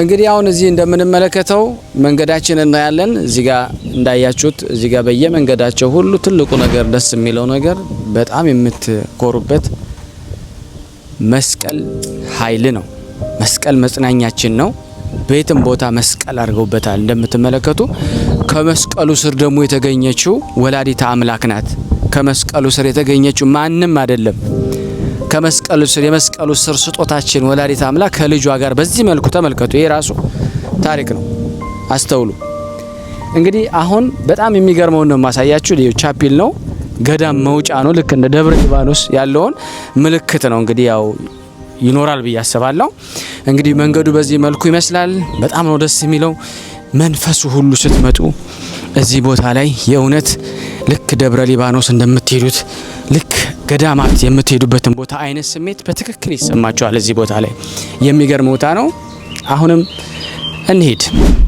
እንግዲህ አሁን እዚህ እንደምንመለከተው መንገዳችን እናያለን። እዚህ ጋር እንዳያችሁት እዚህ ጋር በየመንገዳቸው ሁሉ ትልቁ ነገር ደስ የሚለው ነገር በጣም የምትኮሩበት መስቀል ኃይል ነው። መስቀል መጽናኛችን ነው። በየትም ቦታ መስቀል አድርገውበታል። እንደምትመለከቱ ከመስቀሉ ስር ደግሞ የተገኘችው ወላዲታ አምላክ ናት። ከመስቀሉ ስር የተገኘችው ማንም አይደለም። ከመስቀል ስር የመስቀሉ ስር ስጦታችን ወላዲት አምላክ ከልጇ ጋር በዚህ መልኩ ተመልከቱ። ይሄ ራሱ ታሪክ ነው። አስተውሉ። እንግዲህ አሁን በጣም የሚገርመውን ነው የማሳያችሁ። ቻፒል ነው፣ ገዳም መውጫ ነው። ልክ እንደ ደብረ ሊባኖስ ያለውን ምልክት ነው። እንግዲህ ያው ይኖራል ብዬ አስባለሁ። እንግዲህ መንገዱ በዚህ መልኩ ይመስላል። በጣም ነው ደስ የሚለው መንፈሱ ሁሉ ስትመጡ እዚህ ቦታ ላይ የእውነት ልክ ደብረ ሊባኖስ እንደምትሄዱት ልክ ገዳማት የምትሄዱበትን ቦታ አይነት ስሜት በትክክል ይሰማቸዋል። እዚህ ቦታ ላይ የሚገርም ቦታ ነው። አሁንም እንሄድ